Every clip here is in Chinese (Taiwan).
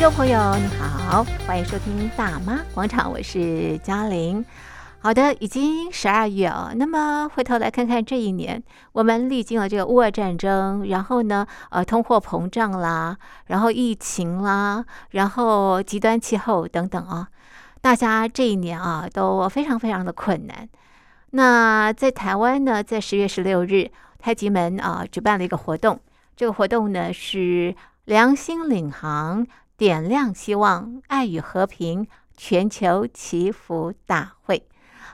聽眾朋友，你好，歡迎收聽《大媽廣場》，我是嘉玲。好的，已經十二月哦。那麼回頭來看看這一年，我們歷經了這個烏俄戰爭，然後呢，呃、啊，通貨膨脹啦，然後疫情啦，然後極端氣候等等啊，大家這一年啊都非常非常的困難。那在台灣呢，在十月十六日，太極門啊，舉辦了一個活動，這個活動呢是良心領航。點亮希望，愛與和平全球祈福大會。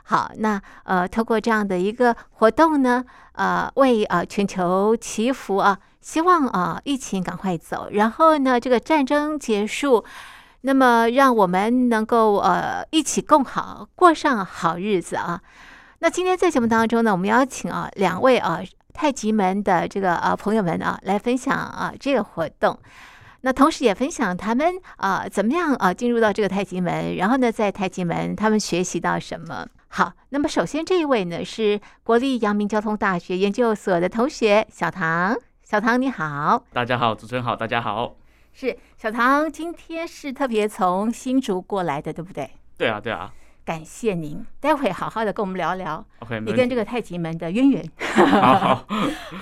好，那呃，透過這樣的一個活動呢，呃，為啊、呃、全球祈福啊，希望啊疫情趕快走，然後呢，這個戰爭結束，那麼讓我們能夠呃一起共好過上好日子啊。那今天在節目當中呢，我們邀請啊、呃、兩位啊、呃、太極門的這個啊、呃、朋友們啊、呃、來分享啊、呃、這個活動。那同時也分享他們啊、呃、怎麼樣啊、呃、進入到這個太極門，然後呢，在太極門他們學習到什麼？好，那麼首先這一位呢是國立陽明交通大學研究所的同學小唐。小唐你好，大家好，主持人好，大家好。是小唐，今天是特別從新竹過來的，對不對？對啊，對啊，感謝您，待會好好的跟我們聊聊，Okay, 你跟這個太極門的淵源。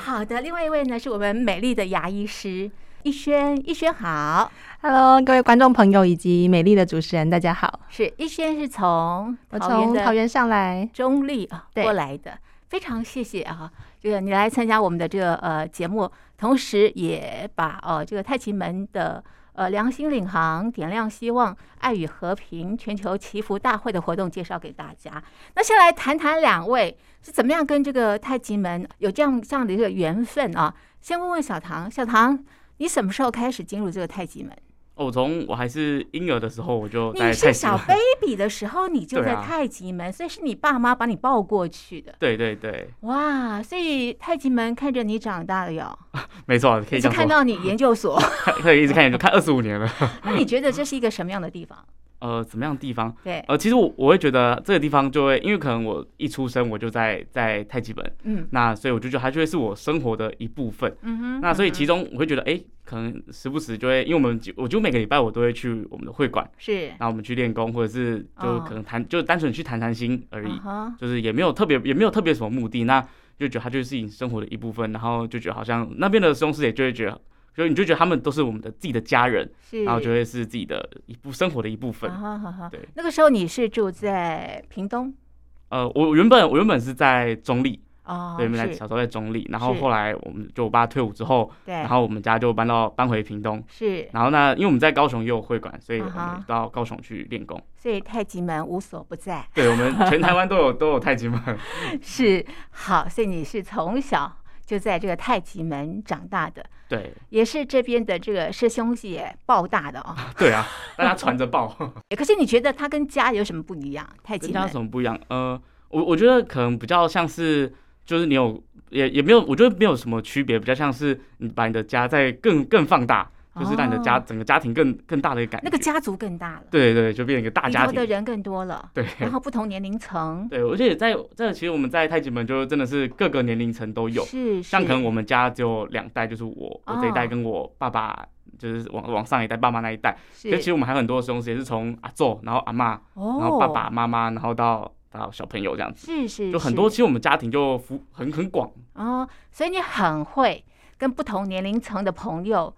好的，另外一位呢是我們美麗的牙醫師。一萱，一萱好，Hello，各位觀眾朋友以及美麗的主持人，大家好。是一萱是從原、啊、我從桃園上來，中壢過來的，對非常謝謝啊！這個你來參加我們的這個呃節目，同時也把哦、呃、這個太極門的呃良心領航、點亮希望、愛與和平全球祈福大會的活動介紹給大家。那先來談談兩位是怎麼樣跟這個太極門有這樣這樣的一個緣分啊？先問問小唐，小唐。你什麼時候開始進入這個太極門？我從、哦、我還是嬰兒的時候我就在太極門。你是小 baby 的時候你就在太極門，對啊，太極門，所以是你爸媽把你抱過去的。對對對，哇，所以太極門看着你長大了喲。沒錯，可以講。一直看到你研究所， 可以一直看研究看二十五年了。那 你覺得這是一個什麼樣的地方？呃，怎麼樣的地方？對，呃，其實我我會覺得這個地方就會，因為可能我一出生我就在在太極門，嗯，那所以我就覺得它就會是我生活的一部分，嗯哼。那所以其中我會覺得，哎、嗯哼，可能時不時就會，因為我們就我就每個禮拜我都會去我們的會館，是，那我們去練功，或者是就可能談，哦、就單純去談談心而已，嗯、哼就是也沒有特別，也沒有特別什麼目的，那就覺得它就是你生活的一部分，然後就覺得好像那邊的松獅也就會覺得。所以你就覺得他們都是我們的自己的家人，然後就會是自己的一部生活的一部分。好好好，對。那個時候你是住在屏東？呃，我原本我原本是在中壢，啊，對，原來小時候在中壢，然後後來我們就我爸退伍之後，對，然後我們家就搬到搬回屏東，是。然後呢，因為我們在高雄也有會館，所以我們到高雄去練功，所以太極門無所不在。對，我們全台灣都有都有太極門。是好，所以你是從小。就在這個太極門長大的，對，也是這邊的這個師兄姐抱大的哦。啊對啊，讓他傳着抱。 可是你覺得他跟家有什麼不一樣？太極門有什麼不一樣？呃，我我覺得可能比較像是，就是你有也也沒有，我覺得沒有什麼區別，比較像是你把你的家再更更放大。就是讓你的家整個家庭更更大的一個感覺，那個家族更大了，對對，就變成一個大家庭，的人更多了，對。然後不同年齡層，對。而且在在其實我們在太極門就真的是各個年齡層都有，是是。像可能我們家只有兩代，就是我我這一代跟我爸爸，就是往往上一代爸媽那一代。是。其實我們還有很多兄弟，也是從阿祖，然後阿嬤，然後爸爸媽媽，然後到到小朋友這樣子，是是。就很多，其實我們家庭就很很很廣。哦，所以你很會跟不同年齡層的朋友。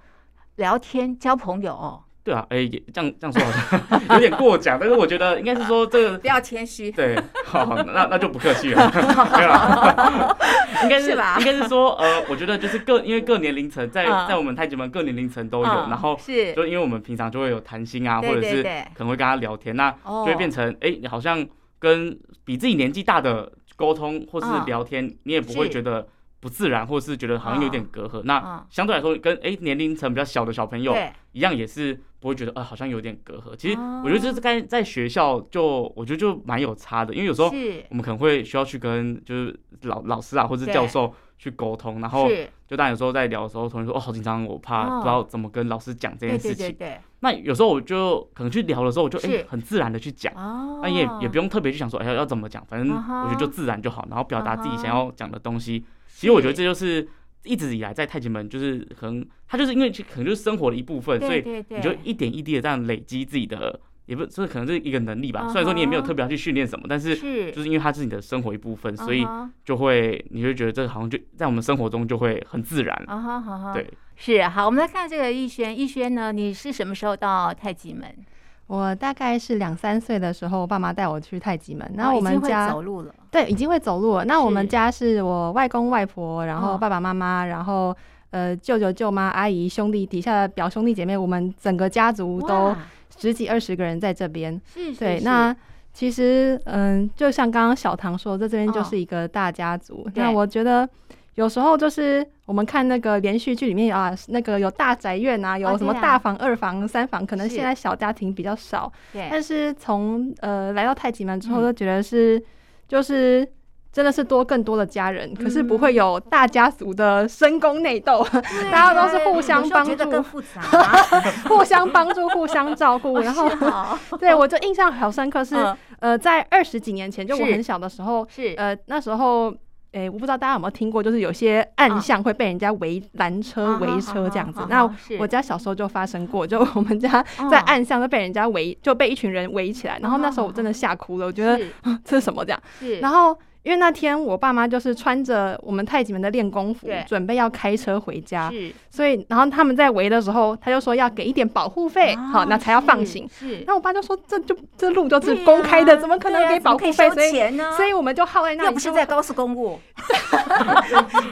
聊天交朋友哦，對啊，哎，這樣這樣說好像有點過獎，但是我覺得應該是說這個。不要謙虛，對，好，那那就不客氣了，對啊，應該是吧？應該是說呃，我覺得就是各，因為各年齡層在在我們太極門各年齡層都有，然後是就因為我們平常就會有談心啊，或者是可能會跟他聊天，那就會變成哎，你好像跟比自己年紀大的溝通或是聊天，你也不會覺得。不自然，或是覺得好像有點隔閡。Uh, uh, 那相對來說，跟哎、欸、年齡層比較小的小朋友一樣，也是不會覺得啊、呃、好像有點隔閡。Uh, 其實我覺得就是跟在學校就我覺得就蠻有差的，因為有時候我們可能會需要去跟就是老老師啊或者教授去溝通，uh, 然後就當有時候在聊的時候同時，同學說哦，好緊張，我怕不知道怎麼跟老師講這件事情。對對對。那有時候我就可能去聊的時候，我就哎、uh, 欸、很自然的去講，那、uh, 也也不用特別去想說哎、欸、要怎麼講，反正我覺得就自然就好，然後表達自己想要講的東西。Uh huh. 其實我覺得這就是一直以來在太極門，就是可能他就是因為可能就是生活的一部分，所以你就一點一滴的這樣累積自己的，也不是這，可能是一個能力吧。雖然說你也沒有特別要去訓練什麼，但是就是因為它是你的生活一部分，所以就會你就覺得這好像就在我們生活中就會很自然。好好好好， 對是，是好。我們來看這個一萱，一萱呢，你是什麼時候到太極門？我大概是兩三歲的時候，爸媽帶我去太極門。那我們家、哦、已經會走路了，對，已經會走路了。那我們家是我外公外婆，然後爸爸媽媽，哦、然後呃舅舅舅媽、阿姨、兄弟底下的表兄弟姐妹，我們整個家族都十幾二十個人在這邊。哇對是，是是。對，那其實嗯，就像剛剛小唐說，在這邊就是一個大家族。哦、對那我覺得。有時候就是我們看那個連續劇裡面啊，那個有大宅院啊，有什麼大房、二房、三房，可能現在小家庭比較少。但是從呃來到太極門之後，就覺得是就是真的是多更多的家人，可是不會有大家族的深宮內鬥，大家都是互相幫助，哎啊、 覺得更複雜。互相幫助，互相照顧，然後對我就印象好深刻是呃，在二十幾年前就我很小的時候是呃那時候。哎，欸、我不知道大家有沒有聽過，就是有些暗巷會被人家圍攔車、圍車這樣子。那我家小時候就發生過，就我們家在暗巷都被人家圍，就被一群人圍起來，然後那時候我真的嚇哭了，我覺得這是什麼這樣。然後。因為那天我爸媽就是穿着我們太極門的練功服，準備要開車回家，是。所以，然後他們在圍的時候，他就說要給一點保護費，好，那才要放行。是。然後我爸就說，這就這路就是公開的，怎麼可能給保護費？所以，所以我們就耗在那裡。又不是在高速公路，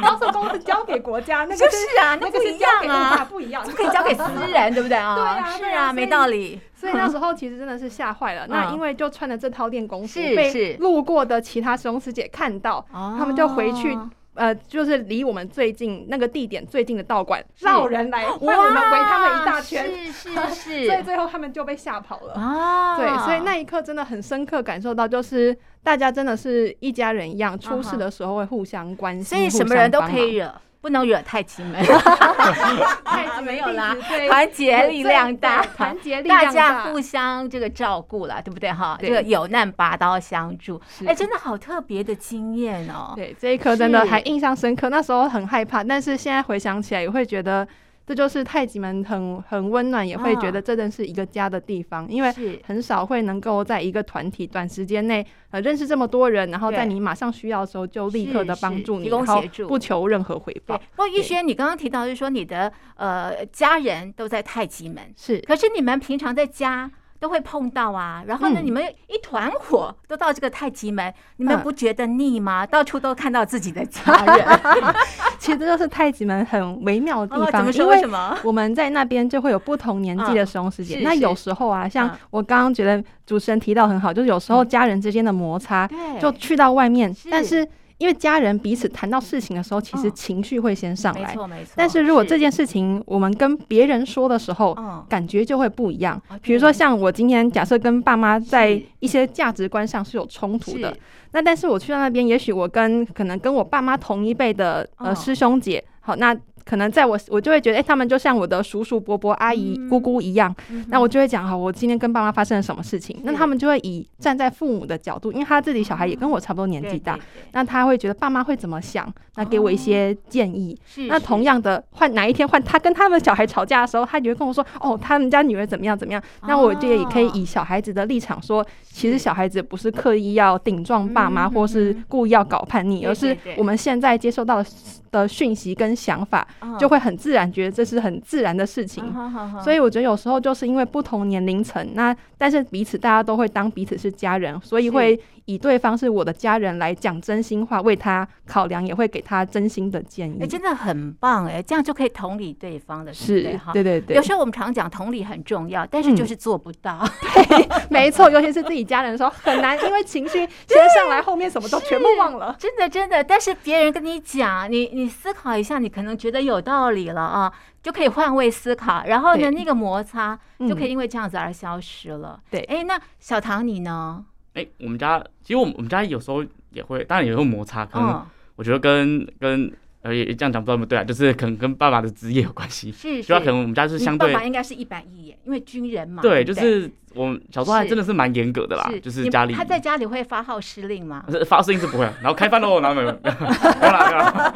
高速公路交給國家，那個是啊，那個是交給國家，不一樣，就可以交給私人，對不對啊？對啊，是啊，沒道理。所以那時候其實真的是嚇壞了。嗯、那因為就穿了這套練功服，是是，被路過的其他師兄師姐看到，啊、他們就回去，呃，就是離我們最近那個地點最近的道館，繞是人來，回，我們圍他們一大圈，是是，是。所以最後他們就被嚇跑了。啊、對，所以那一刻真的很深刻感受到，就是大家真的是一家人一樣，啊、出事的時候會互相關心，所以什麼人都可以惹。不能惹太極門， 門，哈哈哈哈哈！沒有啦，團結力量大，團結力量大，大家互相這個照顧了，對不對哈？對這個有難拔刀相助，哎是、欸，真的好特別的經驗哦、喔。是對，這一刻真的還印象深刻，是那時候很害怕，但是現在回想起來也會覺得。這就是太極門很很溫暖，也會覺得這真是一個家的地方，因為很少會能夠在一個團體短時間內，呃，認識這麼多人，然後在你馬上需要的時候就立刻的幫助你不，啊，提供協助，不求任何回報。不過一萱，你剛剛提到就是說你的呃家人都在太極門，是，可是你們平常在家？都會碰到啊，然後呢，嗯、你們一團火都到這個太極門，嗯、你們不覺得膩嗎？嗯、到處都看到自己的家人， 其實這就是太極門很微妙的地方。為、哦、什麼？因為我們在那邊就會有不同年紀的師兄師姐，嗯、是是，那有時候啊，像我剛剛覺得主持人提到很好，就是有時候家人之間的摩擦，就去到外面，嗯、但是，因為家人彼此談到事情的時候，其實情緒會先上來。沒錯沒錯。但是如果這件事情我們跟別人說的時候，感覺就會不一樣。比如說像我今天假設跟爸媽在一些價值觀上是有衝突的，那但是我去到那邊，也許我跟可能跟我爸媽同一輩的呃師兄姐，好那。可能在我我就會覺得，哎、欸，他們就像我的叔叔伯伯、阿姨、嗯、哼姑姑一樣，嗯、哼那我就會講哈，我今天跟爸媽發生了什麼事情，嗯、哼那他們就會以站在父母的角度，因為他自己小孩也跟我差不多年紀大，嗯、對對對，那他會覺得爸媽會怎麼想，那給我一些建議。哦、那同樣的，換哪一天換他跟他們小孩吵架的時候，他也會跟我說，哦，他們家女兒怎麼樣怎麼樣，啊、那我就也可以以小孩子的立場說，其實小孩子不是刻意要頂撞爸媽，嗯、哼哼，或是故意要搞叛逆，嗯、哼哼，而是我們現在接受到的訊息跟想法。哦、就會很自然覺得這是很自然的事情，哦哦哦哦、所以我覺得有時候就是因為不同年齡層，那但是彼此大家都會當彼此是家人，所以會以對方是我的家人來講真心話，是為他考量，也會給他真心的建議。哎、欸，真的很棒。哎、欸，這樣就可以同理對方的事，是對對對、對。有時候我們常講同理很重要，但是就是做不到，嗯。 對，沒錯，尤其是自己家人的時候很難，因為情緒先上來，後面什麼都全部忘了。真的真的，但是別人跟你講，你你思考一下，你可能覺得。有道理了啊，就可以換位思考，然後呢，對那個摩擦就可以因為這樣子而消失了。嗯、對，哎，那小唐你呢？哎、欸，我們家其實我們我們家有時候也會，當然也會摩擦，可能我覺得跟、嗯、跟呃，也這樣講不那麼對啊，就是可能跟爸爸的職業有關係，主是要可能我們家是相對爸爸應該是一板一眼，因為軍人嘛，對，就是。我們小時候還真的是蠻嚴格的啦，就是家裡他在家裡會發號施令嗎？發號施令是不會，然後開飯嘍，沒有沒有，沒有啦，沒有啦。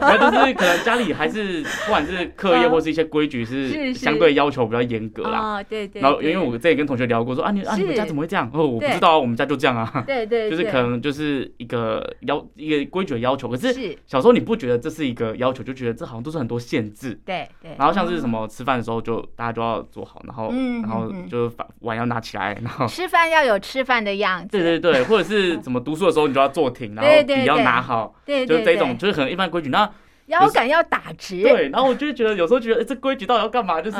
然後就是可能家裡還是不管是課業或是一些規矩是相對要求比較嚴格啦。對對。然後因為我這也跟同學聊過，說啊你啊你們家怎麼會這樣？哦我不知道，我們家就這樣啊。對對，就是可能就是一個要一個規矩要求，可是小時候你不覺得這是一個要求，就覺得這好像都是很多限制。對對。然後像是什麼吃飯的時候就大家都要做好，然後然後就。把碗要拿起來，然後吃飯要有吃飯的樣子。對對對，或者是怎麼讀書的時候你就要坐挺，然後筆要拿好，就是這種，就是很一般規矩，那腰桿要打直。對，然後我就會覺得有時候覺得這規矩到底要幹嘛？就是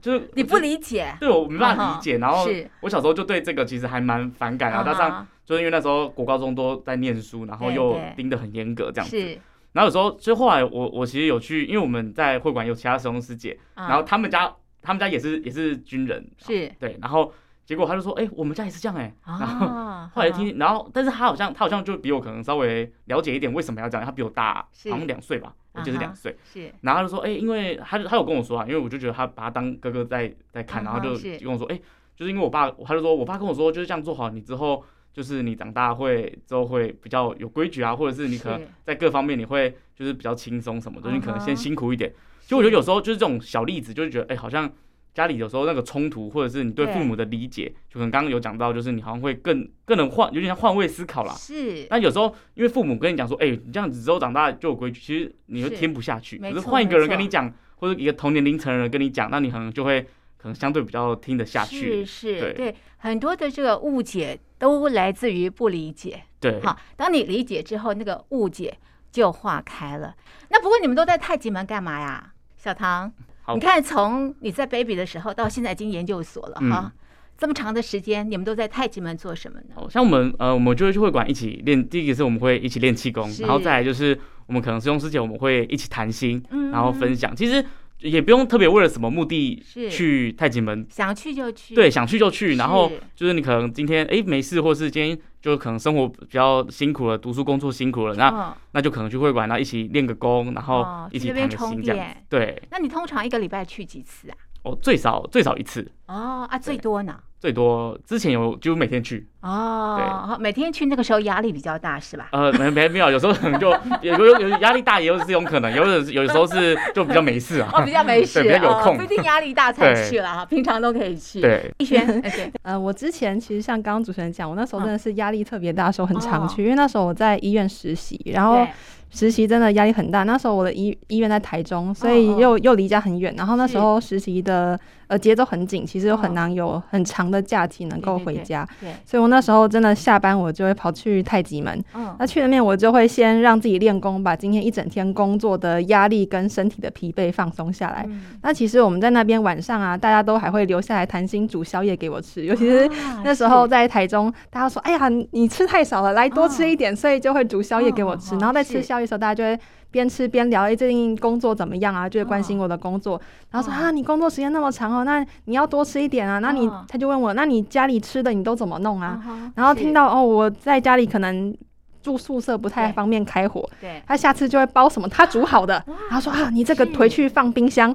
就是你不理解，對我沒辦法理解。然後我小時候就對這個其實還蠻反感啊，加上，就是因為那時候國高中都在念書，然後又盯得很嚴格這樣子。然後有時候其實後來我我其實有去，因為我們在會館有其他師兄師姐，然後他們家。他們家也是也是軍人，是，對，然後結果他就說，哎、欸，我們家也是這樣、欸，哎、啊，然後後來聽，聽，啊、然後但是他好像他好像就比我可能稍微了解一點為什麼要這樣，他比我大好像兩歲吧，我記得是兩歲，是，是啊、然後他就說，哎、欸，因為他他有跟我說啊，因為我就覺得他把他當哥哥在在看，然後就跟我說，哎、啊欸，就是因為我爸，他就說我爸跟我說就是這樣做好你之後，就是你長大會之後會比較有規矩啊，或者是你可能在各方面你會就是比較輕鬆什麼的，你可能先辛苦一點。就我覺得有時候就是這種小例子，就是覺得哎、欸，好像家裡有時候那個衝突，或者是你對父母的理解，就可能剛剛有講到，就是你好像會更更能換，有點像換位思考啦。是。那有時候因為父母跟你講說，哎，你這樣子之後長大就有規矩，其實你就聽不下去。可是換一個人跟你講，或者一個同年齡層的人跟你講，那你可能就會可能相對比較聽得下去。是是。對很多的這個誤解。都來自於不理解，對，好，當你理解之後，那個誤解就化開了。那不過你們都在太極門幹嘛呀，小唐？好你看從你在 baby 的時候到現在已經研究所了、嗯、哈，這麼長的時間，你們都在太極門做什麼呢？像我們呃，我們就會去會館一起練，第一個是我們會一起練氣功，是然後再來就是我們可能是師兄師姐，我們會一起談心，嗯、然後分享，其實。也不用特別為了什麼目的去太極門，想去就去，對，想去就去。是，然後就是你可能今天哎、欸、沒事，或是今天就可能生活比較辛苦了，讀書工作辛苦了，哦、那那就可能去會館，然後一起練個功，然後一起談個心，個這樣。哦、這對，那你通常一個禮拜去幾次啊？哦，最少最少一次。哦啊，對，最多呢？最多之前有就每天去哦，每天去那個時候壓力比較大是吧？呃，沒沒沒有，有時候可能就有有有壓力大，也有這種可能，有的有時候是就比較沒事啊，比較沒事，比較有空，不一定壓力大才去啦，平常都可以去。對，一萱。呃，我之前其實像剛剛主持人講，我那時候真的是壓力特別大的時候很常去，因為那時候我在醫院實習，然後。實習真的壓力很大，那時候我的醫醫院在台中，所以又又離家很遠。然後那時候實習的呃節奏很緊，其實又很難有很長的假期能夠回家。對，所以我那時候真的下班我就會跑去太極門。嗯，那去那邊，我就會先讓自己練功，把今天一整天工作的壓力跟身體的疲憊放鬆下來。那其實我們在那邊晚上啊，大家都還會留下來談心煮宵夜，給我吃。尤其是那時候在台中，大家說：“哎呀，你吃太少了，來多吃一點。”所以就會煮宵夜給我吃，然後再吃宵。那時候大家就會邊吃邊聊，哎，最近工作怎麼樣啊？就會關心我的工作，然後說啊，你工作時間那麼長哦，那你要多吃一點啊。那你他就問我，那你家裡吃的你都怎麼弄啊？然後聽到哦，我在家裡可能住宿舍不太方便開火，對，他下次就會包什麼他煮好的，然後說啊，你這個回去放冰箱，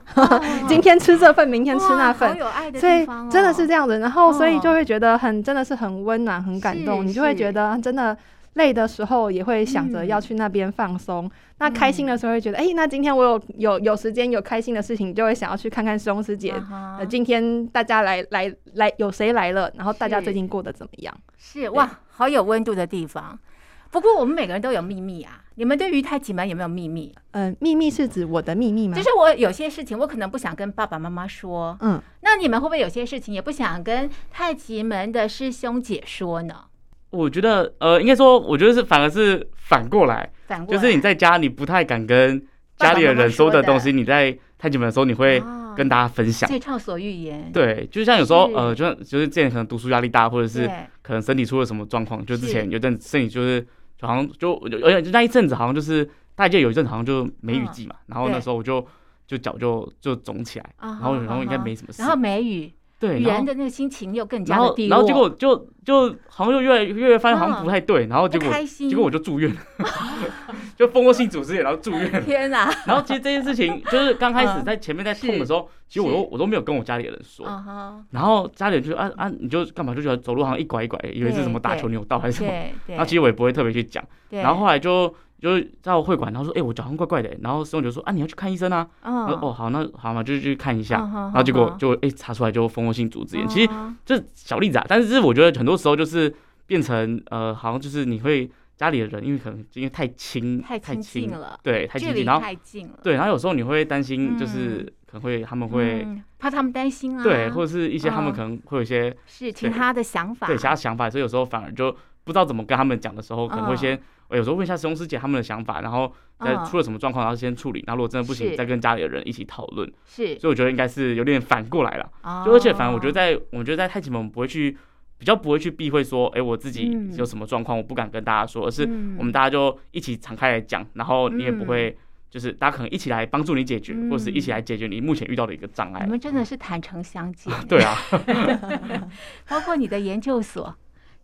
今天吃這份，明天吃那份，有愛，所以真的是這樣子，然後所以就會覺得很真的是很溫暖，很感動，你就會覺得真的。累的時候也會想着要去那邊放鬆，嗯、那開心的時候會覺得，哎、嗯欸，那今天我有有有時間有開心的事情，就會想要去看看師兄師姐。啊、哈呃，今天大家來來來，有誰來了？然後大家最近過得怎麼樣？是，是哇，對好有溫度的地方。不過我們每個人都有秘密啊。你們對於太極門有沒有秘密？嗯、呃，秘密是指我的秘密嗎？就是我有些事情我可能不想跟爸爸媽媽說。嗯，那你們會不會有些事情也不想跟太極門的師兄姐說呢？我覺得呃，應該說，我覺得是反而是反過來，就是你在家你不太敢跟家裡的人說的東西，你在太極門的時候你會跟大家分享，就暢所欲言。對，就是像有時候呃，就是就是之前可能讀書壓力大，或者是可能身體出了什麼狀況，就之前有一陣身體就是好像就而且那一陣子好像就是大家有一陣好像就梅雨季嘛，然後那時候我就就腳就就腫起來，然後然後應該沒什麼事，然後梅雨。人的那個心情又更加的低落，然後結果就就好像就越來越發現好像不太對，然後結果結果我就住院了，就蜂窩性組織炎，然後住院了。天哪。然後其實這件事情就是剛開始在前面在痛的時候，其實我都我都沒有跟我家裡人說，然後家裡人就說啊啊，你就幹嘛，就覺得走路好像一拐一拐，以為是什麼打球扭到還是什麼，然後其實我也不會特別去講，然後後來就就是在會館，然後說，哎，我腳上怪怪的。然後師兄就說，啊，你要去看醫生啊。說，哦，好，那好嘛，就去看一下。然後結果就，哎，查出來就蜂窩性組織炎。其實這小例子啊，但是這我覺得很多時候就是變成呃，好像就是你會家裡的人，因為可能因為太親，太親近了，對，太親近，然後太近了，對，然後有時候你會擔心，就是可能會他們會怕他們擔心啊，對，或者是一些他們可能會有一些是其他的想法，對，其他想法，所以有時候反而就不知道怎麼跟他們講的時候，可能會先。我有時候問一下師兄師姐他們的想法，然後在出了什麼狀況，哦、然後先處理。那如果真的不行，是再跟家裡的人一起討論。是，所以我覺得應該是有點反過來了。哦、就而且，反正我覺得在，我覺得在太極門，我們不會去比較，不會去避諱說，哎，我自己有什麼狀況，我不敢跟大家說，嗯、而是我們大家就一起敞開來講。嗯、然後你也不會，就是大家可能一起來幫助你解決，嗯、或者是一起來解決你目前遇到的一個障礙。你們真的是坦誠相見。嗯、 對啊， 包括你的研究所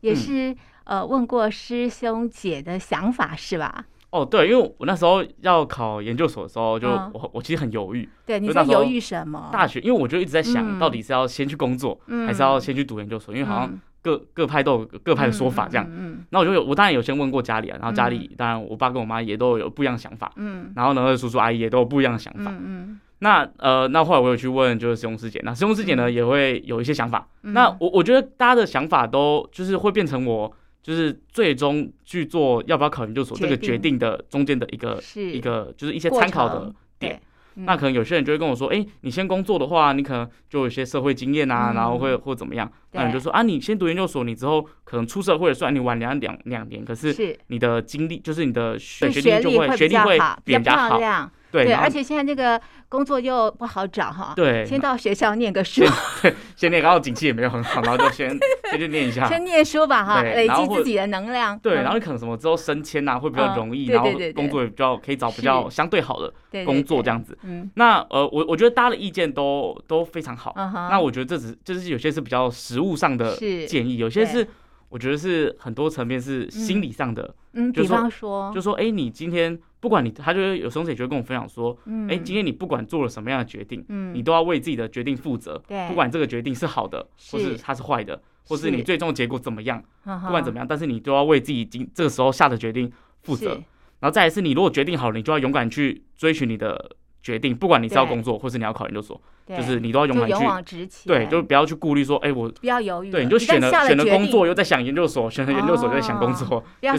也是、嗯。呃，問過師兄姐的想法是吧？哦，對，因為我那時候要考研究所的時候，就我我其實很猶豫。對，你在猶豫什麼？大學，因為我就一直在想，到底是要先去工作，還是要先去讀研究所？因為好像各各派都有各派的說法這樣。嗯。那我就有，我當然有先問過家裡啊，然後家裡當然我爸跟我媽也都有不一樣的想法。嗯。然後呢，叔叔阿姨也都有不一樣的想法。嗯。那呃，那後來我有去問，就是師兄師姐。那師兄師姐呢，也會有一些想法。那我我覺得大家的想法都就是會變成我。就是最終去做要不要考研究所定這個決定的中間的一個是一個，就是一些參考的點。那可能有些人就會跟我說，哎、欸，你先工作的話，你可能就有些社會經驗啊，嗯、然後會或怎麼樣。對那你就說啊，你先讀研究所，你之後可能出社會，雖然你晚兩兩兩年，可是你的經歷是就是你的學學歷就會學歷會比人家好。對，而且現在那個工作又不好找哈。對，先到學校念個書，對先念，然後景氣也沒有很好，然後就先先去念一下。先念書吧哈，累積自己的能量。對，然後你可能什麼之後升遷啊，會比較容易，然後工作也比較可以找比較相對好的工作這樣子。嗯，那呃，我我覺得大家的意見都都非常好。那我覺得這只是有些是比較實務上的建議，有些是我覺得是很多層面是心理上的。嗯，比方說，就說哎，你今天。不管你，他就是有時候也就跟我分享說，嗯，哎，今天你不管做了什麼樣的決定，嗯，你都要為自己的決定負責，對，不管這個決定是好的，或是它是壞的，或是你最終結果怎麼樣，不管怎麼樣，但是你都要為自己今這個時候下的決定負責。然後再一次，你如果決定好了，你就要勇敢去追尋你的決定，不管你是要工作，或是你要考研究所，就是你都要勇敢去，勇往直前，對，就是不要去顧慮說，哎，我不要猶豫，對，你就選了選了工作又在想研究所，選了研究所又在想工作，不要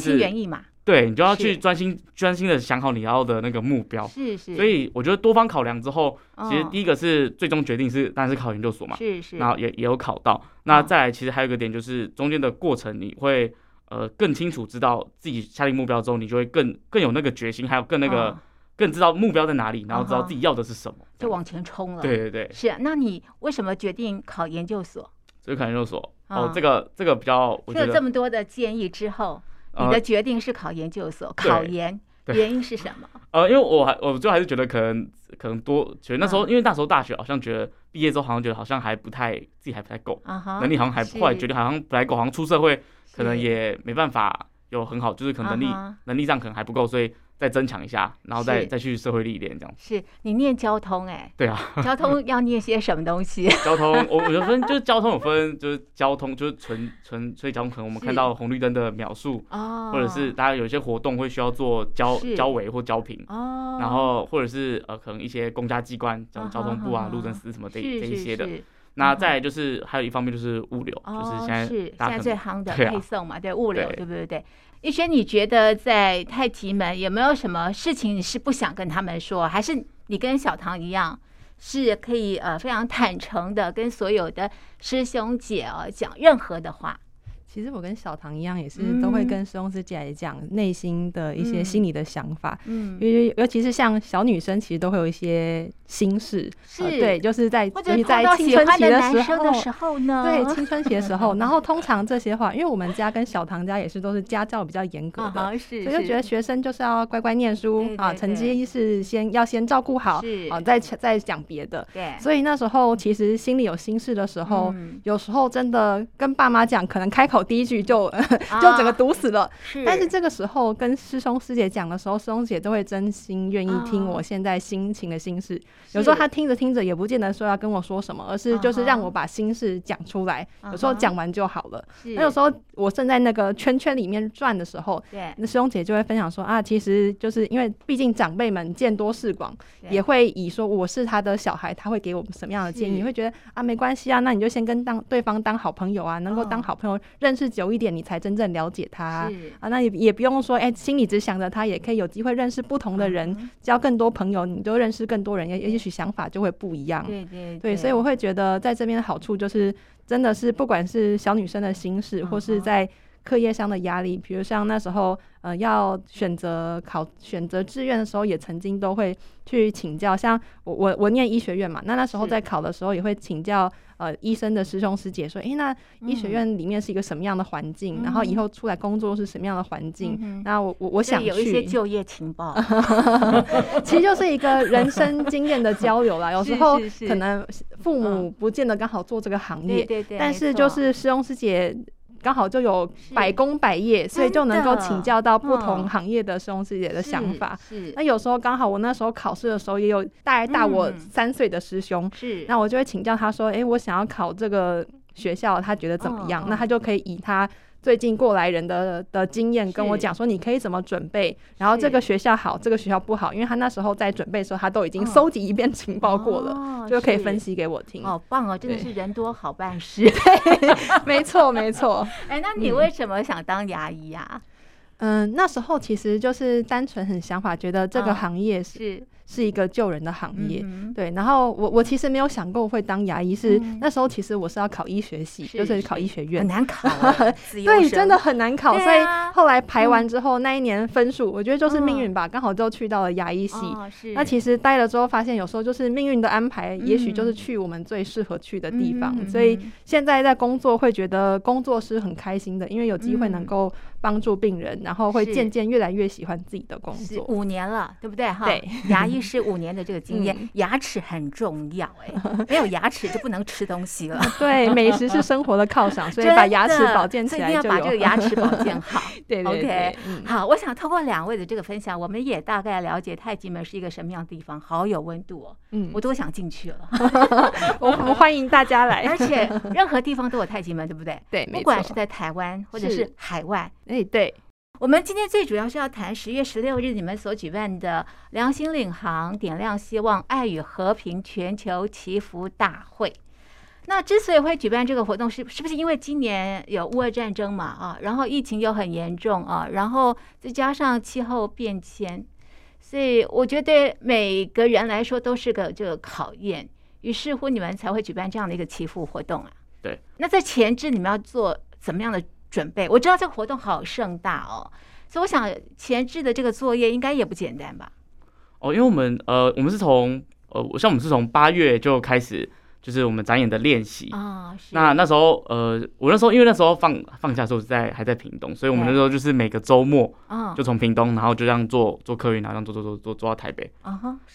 嘛。對，你就要去專心專心的想好你要的那個目標，是是。所以我覺得多方考量之後，其實第一個是最終決定是當然是考研究所嘛，是是。然後也也有考到，那再來其實還有一個點，就是中間的過程，你會呃更清楚知道自己下定目標之後，你就會更更有那個決心，還有更那個更知道目標在哪裡，然後知道自己要的是什麼，就往前衝了。對對對，是啊。那你為什麼決定考研究所？所以考研究所哦，這個這個比較，我覺得，聽了這麼多的建議之後。你的決定是考研究所，呃、考研，原因是什麼？呃，因為我還，我最後還是覺得可能，可能多，覺得那時候，嗯、因為那時候大學好像覺得畢業之後好像覺得好像還不太，自己還不太夠，啊、哈能力好像還不，不壞是覺得好像不太夠，好像出社會可能也沒辦法有很好，是就是可能能力，啊、哈能力上可能還不夠，所以。再增強一下，然後再再去社會歷練，這樣。是你念交通哎？對啊，交通要念些什麼東西？交通我我覺得，分就是交通有分就是交通就是純純所以交通可能我們看到紅綠燈的描述，或者是大家有些活動會需要做交交維或交評，然後或者是呃可能一些公家機關，像交通部啊、路政司什麼這這一些的。那再來就是還有一方面就是物流，就是現在現在最夯的配送嘛，對物流對不對對？一萱，你覺得在太極門有沒有什麼事情你是不想跟他們說？還是你跟小唐一樣，是可以呃非常坦誠的跟所有的師兄姐哦講任何的話？其實我跟小唐一樣，也是都會跟師兄師姐講內心的一些心裡的想法，嗯，因為尤其是像小女生，其實都會有一些心事，是對，就是在你在青春期的時候，對青春期的時候，然後通常這些話，因為我們家跟小唐家也是都是家教比較嚴格的，是，所以就覺得學生就是要乖乖念書啊，成績是先要先照顧好，好再再講別的，對，所以那時候其實心裡有心事的時候，有時候真的跟爸媽講，可能開口。我第一句就 就整個堵死了。啊、是，但是這個時候跟師兄師姐講的時候，師兄姐都會真心願意聽我現在心情的心事。啊、有時候他聽着聽着也不見得說要跟我說什麼，是而是就是讓我把心事講出來。啊、有時候講完就好了。是那有時候我正在那個圈圈裡面轉的時候，對那師兄姐就會分享說啊，其實就是因為畢竟長輩們見多識廣，對也會以說我是他的小孩，他會給我們什麼樣的建議？是你會覺得啊，沒關係啊，那你就先跟當對方當好朋友啊，能夠當好朋友，啊、認。認識久一點，你才真正了解他是啊。那也也不用說，哎、欸，心裡只想着他，也可以有機會認識不同的人，嗯、交更多朋友，你都認識更多人，對也也許想法就會不一樣。對對對，對，所以我會覺得在這邊的好處就是，真的是不管是小女生的心事，對或是在。課業上的壓力，比如像那時候，呃，要選擇考選擇志願的時候，也曾經都會去請教。像我我我念醫學院嘛，那那時候在考的時候也會請教，呃，醫生的師兄師姐說，誒是、欸，那醫學院裡面是一個什麼樣的環境？嗯、然後以後出來工作是什麼樣的環境？那、嗯、我我我想去有一些就業情報， 其實就是一個人生經驗的交流啦。 有時候可能父母不見得剛好做這個行業，是是是嗯、對對對，但是就是師兄師姐。剛好就有百工百業，所以就能夠請教到不同行業的師兄師姐的想法。嗯、那有時候剛好我那時候考試的時候，也有大概大，大我三歲的師兄，嗯、是，那我就會請教他說：“誒、欸，我想要考這個學校，他覺得怎麼樣？”嗯、那他就可以以他。最近過來人的的經驗跟我講說，你可以怎麼準備？是然後這個學校好，是這個學校不好，因為他那時候在準備的時候，他都已經蒐集一遍情報過了，嗯哦、就可以分析給我聽。好棒哦，對真的是人多好辦事。對 沒錯沒錯。哎、欸，那你為什麼想當牙醫啊？嗯、呃，那時候其實就是單純很想法，覺得這個行業是。哦是是一個救人的行業，對。然後我我其實沒有想過會當牙醫，是那時候其實我是要考醫學系，就是考醫學院，很難考。對，真的很難考。所以後來排完之後，那一年分數，我覺得就是命運吧，剛好就去到了牙醫系。那其實待了之後，發現有時候就是命運的安排，也許就是去我們最適合去的地方。所以現在在工作會覺得工作是很開心的，因為有機會能夠。幫助病人，然後會漸漸越來越喜歡自己的工作。五年了，對不對？哈，對，牙醫是五年的這個經驗，牙齒很重要哎，沒有牙齒就不能吃東西了。對，美食是生活的犒賞，所以把牙齒保健起來就有。所以一定要把這個牙齒保健好。對 OK 好，我想透過兩位的這個分享，我們也大概了解太極門是一個什麼樣的地方，好有溫度哦。嗯，我都想進去了。我們歡迎大家來，而且任何地方都有太極門，對不對？對，不管是在台灣或者是海外。對對，我們今天最主要是要談十月十六日你們所舉辦的“良心領航，點亮希望，愛與和平全球祈福大會”。那之所以會舉辦這個活動是，是是不是因為今年有烏俄戰爭嘛？啊，然後疫情又很嚴重啊，然後再加上氣候變遷，所以我覺得每個人來說都是個這個考驗。於是乎，你們才會舉辦這樣的一個祈福活動啊？對。那在前置，你們要做怎麼樣的？準備，我知道這個活動好盛大哦，所以我想前置的這個作業應該也不簡單吧？哦，因為我們呃，我們是從呃，像我們是從八月就開始。就是我們展演的練習，那那時候呃，我那時候因為那時候放放假時候在還在屏東，所以我們那時候就是每個周末就從屏東，然後就這樣坐坐客運，然後坐坐坐坐坐到台北，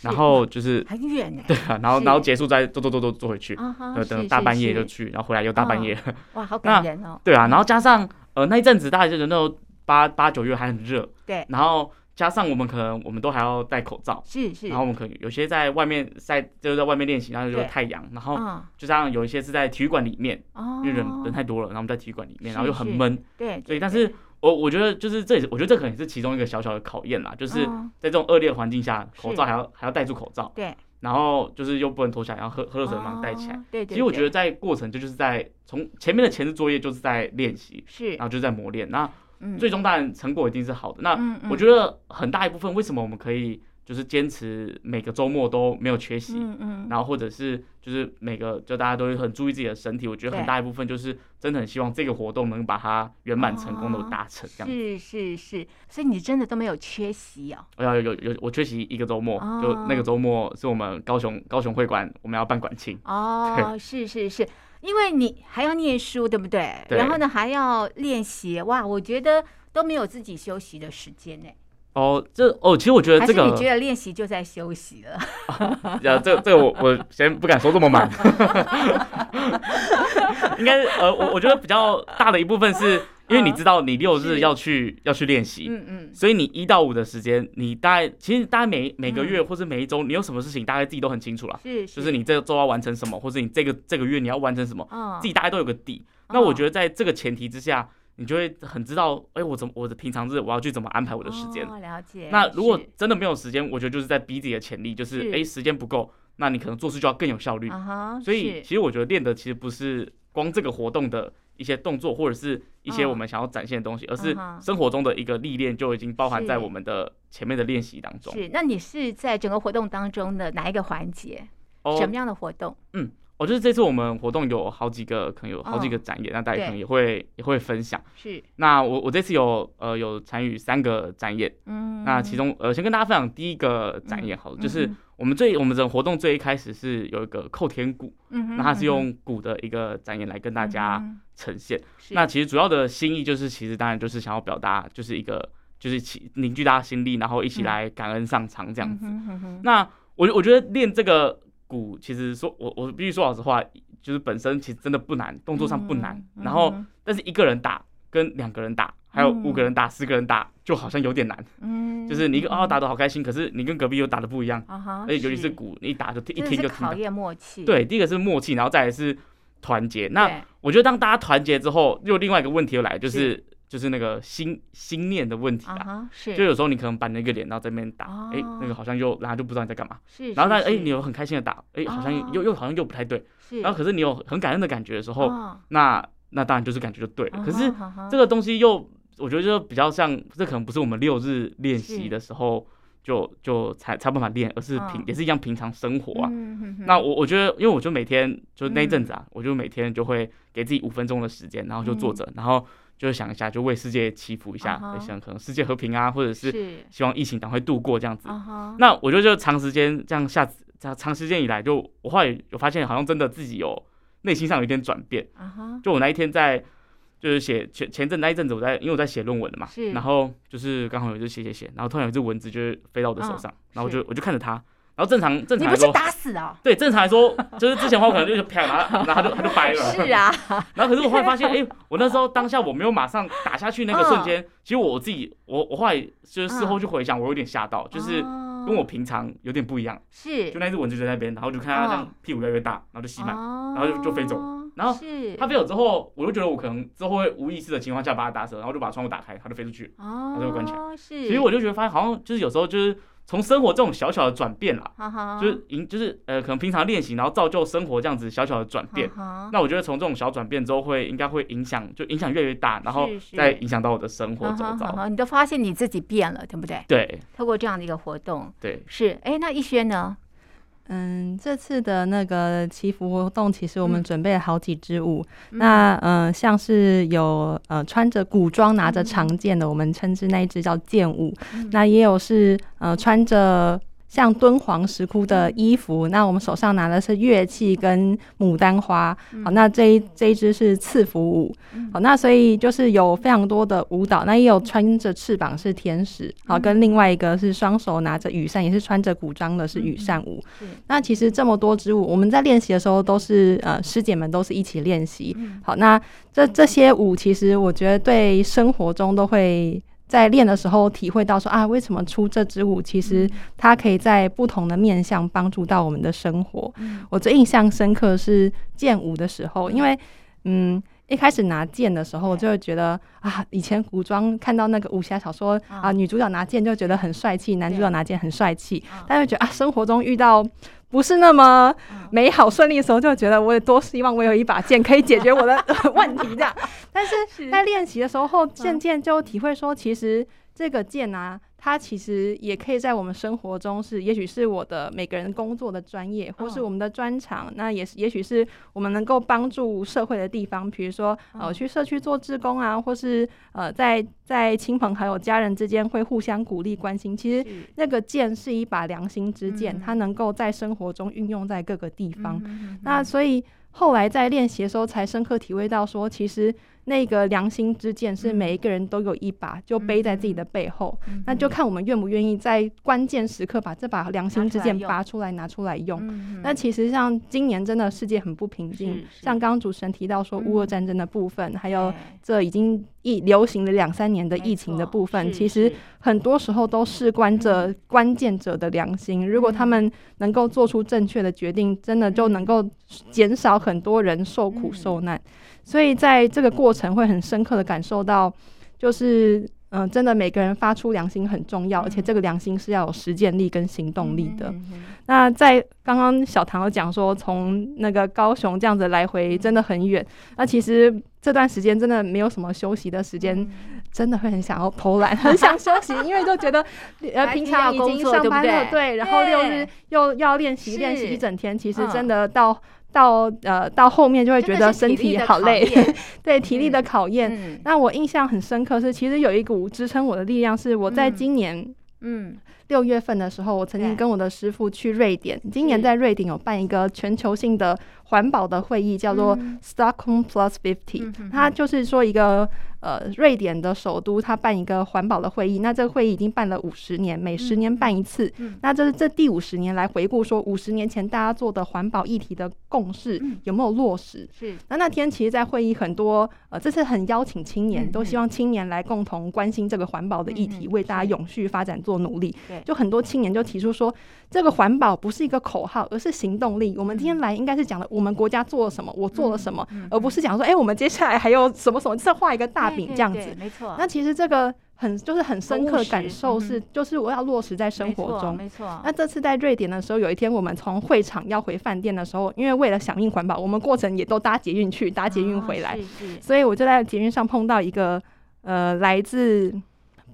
然後就是很遠哎，對啊，然後然後結束再坐坐坐坐回去，然後等大半夜就去，然後回來又大半夜，哇，好感人哦，對啊，然後加上呃那一陣子大家就覺得那時候八八九月還很熱，對，然後。加上我們可能我們都還要戴口罩，是是。然後我們可能有些在外面曬，就是在外面練習，然後就是太陽，對，然後就像有一些是在體育館裡面，哦、因為人人太多了，然後我們在體育館裡面，是是，然後又很悶。對，對，所以但是我我覺得就是這也是我覺得這可能是其中一個小小的考驗啦，就是在這種惡劣環境下，口罩還要是，還要戴住口罩，對，然後就是又不能脫下來，然後喝喝熱水馬上戴起來。對，哦、其實我覺得在過程就就是在從前面的前置作業就是在練習，是，然是，然後就在磨練那。嗯，最終當然成果一定是好的。那我覺得很大一部分，為什麼我們可以就是堅持每個周末都沒有缺席，嗯，嗯，然後或者是就是每個就大家都會很注意自己的身體，我覺得很大一部分就是真的很希望這個活動能把它圓滿成功的達成這樣，哦。是是是，所以你真的都沒有缺席哦。有有，有，我缺席一個周末，就那個周末是我們高雄高雄會館，我們要辦館慶。哦，是是對是。是是因為你還要念書，對不對？對，然後呢，還要練習哇，我覺得都沒有自己休息的時間呢。哦，這哦，其實我覺得這個，你覺得練習就在休息了？啊、這個、這個、我我先不敢說這麼滿， 應該是呃，我我覺得比較大的一部分是。因為你知道你六日要去要去練習，嗯嗯，所以你一到五的時間，你大概其實大概每每個月或者每一周，你有什麼事情，大概自己都很清楚了，是是，就是你這個周要完成什麼，或者你這個這個月你要完成什麼，自己大概都有個底。那我覺得在這個前提之下，你就會很知道，哎，我怎麼我的平常日我要去怎麼安排我的時間。了解。那如果真的沒有時間，我覺得就是在逼自己的潛力，就是哎時間不夠，那你可能做事就要更有效率。哈，所以其實我覺得練的其實不是光這個活動的。一些動作，或者是一些我們想要展現的東西，而是生活中的一個歷練，就已經包含在我們的前面的練習當中是。是，那你是在整個活動當中的哪一個環節？Oh, 什麼樣的活動？嗯，我、哦、就是這次我們活動有好幾個，可能有好幾個展演，oh, 那大家可能也會對也會分享。是，那我我這次有呃有參與三個展演，嗯，那其中呃先跟大家分享第一個展演好了，好、嗯，就是。我們最我們整活動最一開始是有一個叩天鼓，嗯哼嗯哼，那它是用鼓的一個展演來跟大家呈現。嗯、哼那其實主要的心意就是，其實當然就是想要表達，就是一個就是凝聚大家心力，然後一起來感恩上蒼這樣子。那我我覺得練這個鼓，其實說我我必須說老實話，就是本身其實真的不難，動作上不難，嗯哼嗯哼，然後但是一個人打。跟兩個人打，還有五個人打，四個人打，就好像有點難。嗯，就是你一個哦，打得好開心，可是你跟隔壁又打得不一樣。而且尤其是鼓，你一打就一聽就聽到。第一個是默契。對，第一個是默契，然後再來是團結。那我覺得當大家團結之後，又另外一個問題又來，就是就是那個心心念的問題啦。是。就有時候你可能板著一個臉，然後在那邊打，哎，那個好像又，然後就不知道你在幹嘛。是。然後他哎，你有很開心的打，哎，好像又又好像又不太對。是。然後可是你有很感恩的感覺的時候，那。那當然就是感覺就對了，uh huh, uh、huh, 可是這個東西又我覺得就比較像，這可能不是我們六日練習的時候就是就，就才才辦法練，而是平、uh huh. 也是一樣平常生活啊。Uh huh. 那我我覺得，因為我就每天就那陣子啊，uh huh. 我就每天就會給自己五分鐘的時間，然後就坐着，uh huh. 然後就想一下，就為世界祈福一下，uh huh. 想可能世界和平啊，或者是希望疫情趕快度過這樣子。Uh huh. 那我覺得就長時間這樣下，長長時間以來就，就我後來有發現，好像真的自己有。內心上有一點轉變，就我那一天在，就是寫前前陣那一陣子，我在因為我在寫論文了嘛，然後就是剛好我就寫寫寫，然後突然有只蚊子就是飛到我的手上，然後我就我就看着它，然後正常正常來說，你不是打死啊？對，正常來說就是之前的話我可能就是啪拿，然後就它就掰了，是啊。然後可是我後來發現，哎，我那時候當下我沒有馬上打下去那個瞬間，其實我自己我我後來就是事後就回想，我有點嚇到，就是。跟我平常有點不一樣，是，就那隻蚊子就在那邊，然後就看它這樣屁股越來越大，然後就吸滿、哦，然後就就飛走，然後它飛走之後，是我就覺得我可能之後會無意識的情況下把它打死，然後就把窗戶打開，它就飛出去，它、哦、就會關起來，是所以我就覺得發現好像就是有時候就是。從生活這種小小的轉變啦、uh huh. 就是，就是影，就是呃，可能平常練習，然後造就生活這樣子小小的轉變。Uh huh. 那我覺得從這種小轉變之後會，會應該會影響，就影響越來越大，然後再影響到我的生活，怎麼你都發現你自己變了，對不對？對，透過這樣的一個活動，對，是。哎、欸，那一萱呢？嗯，這次的那個祈福活動，其實我們準備了好幾支舞。嗯那嗯、呃，像是有呃穿着古裝拿着長劍的，嗯、我們稱之那一支叫劍舞。嗯、那也有是呃穿着。像敦煌石窟的衣服，那我們手上拿的是樂器跟牡丹花。好，那這這一支是賜福舞。好，那所以就是有非常多的舞蹈，那也有穿着翅膀是天使。好，跟另外一個是雙手拿着羽扇，也是穿着古裝的是羽扇舞。嗯、那其實這麼多支舞，我們在練習的時候都是呃師姐們都是一起練習。好，那這這些舞其實我覺得對生活中都會。在練的時候體會到說啊，為什麼出這支舞？其實它可以在不同的面向幫助到我們的生活。嗯、我最印象深刻是建舞的時候，因為嗯。一開始拿劍的時候，就會覺得啊，以前古裝看到那個武俠小說啊，女主角拿劍就覺得很帥氣，男主角拿劍很帥氣，但就覺得啊，生活中遇到不是那麼美好順利的時候，就覺得我也多希望我有一把劍可以解決我的問題這樣。但是在練習的時候，漸漸就體會說，其實這個劍啊。它其實也可以在我們生活中是，是也許是我的每個人工作的專業，或是我們的專長。哦、那也是，也許是我們能夠幫助社會的地方。比如說，呃，去社區做志工啊，或是呃，在在親朋好友、家人之間會互相鼓勵、關心。其實那個劍是一把良心之劍，是它能夠在生活中運用在各個地方。嗯哼嗯哼，那所以後來在練習的時候，才深刻體會到說，其實。那個良心之劍是每一個人都有一把，就背在自己的背後。嗯、哼那就看我們願不願意在關鍵時刻把這把良心之劍拔出來拿出來用。來用，那其實像今年真的世界很不平靜，是是，像剛剛主持人提到說烏俄戰爭的部分，嗯、還有這已經一流行了兩三年的疫情的部分，是是其實。很多時候都事關着關鍵者的良心，如果他們能夠做出正確的決定，真的就能夠減少很多人受苦受難。所以在這個過程會很深刻的感受到，就是嗯、呃，真的每個人發出良心很重要，而且這個良心是要有實踐力跟行動力的。那在剛剛小唐有講說，從那個高雄這樣子來回真的很遠，那其實這段時間真的沒有什麼休息的時間。真的會很想要偷懶，很想休息，因為就覺得呃平常已經上班了，對，然後六日又要練習練習一整天，其實真的到到呃到後面就會覺得身體好累，對體力的考驗。那我印象很深刻是，其實有一股支撐我的力量是我在今年嗯六月份的時候，我曾經跟我的師傅去瑞典。今年在瑞典有辦一個全球性的環保的會議，叫做 Stockholm Plus Fifty，它就是說一個。呃，瑞典的首都，他辦一個環保的會議。那這個會議已經辦了五十年，每十年辦一次。嗯嗯、那這是這第五十年來回顧，說五十年前大家做的環保議題的共識有沒有落實？是。那那天其實，在會議很多呃，這次很邀請青年，嗯嗯、都希望青年來共同關心這個環保的議題，嗯嗯嗯、為大家永續發展做努力。對。就很多青年就提出說，這個環保不是一個口號，而是行動力。我們今天來應該是講了我們國家做了什麼，我做了什麼，嗯嗯、而不是講說，哎、欸，我們接下來還有什麼什麼，再、就、畫、是、一個大。餅這樣子，對對對沒錯。那其實這個很就是很深刻的感受是，就是我要落實在生活中。嗯、沒錯。沒錯。那這次在瑞典的時候，有一天我們從會場要回飯店的時候，因為為了響應環保，我們過程也都搭捷運去，搭捷運回來，哦、所以我就在捷運上碰到一個呃來自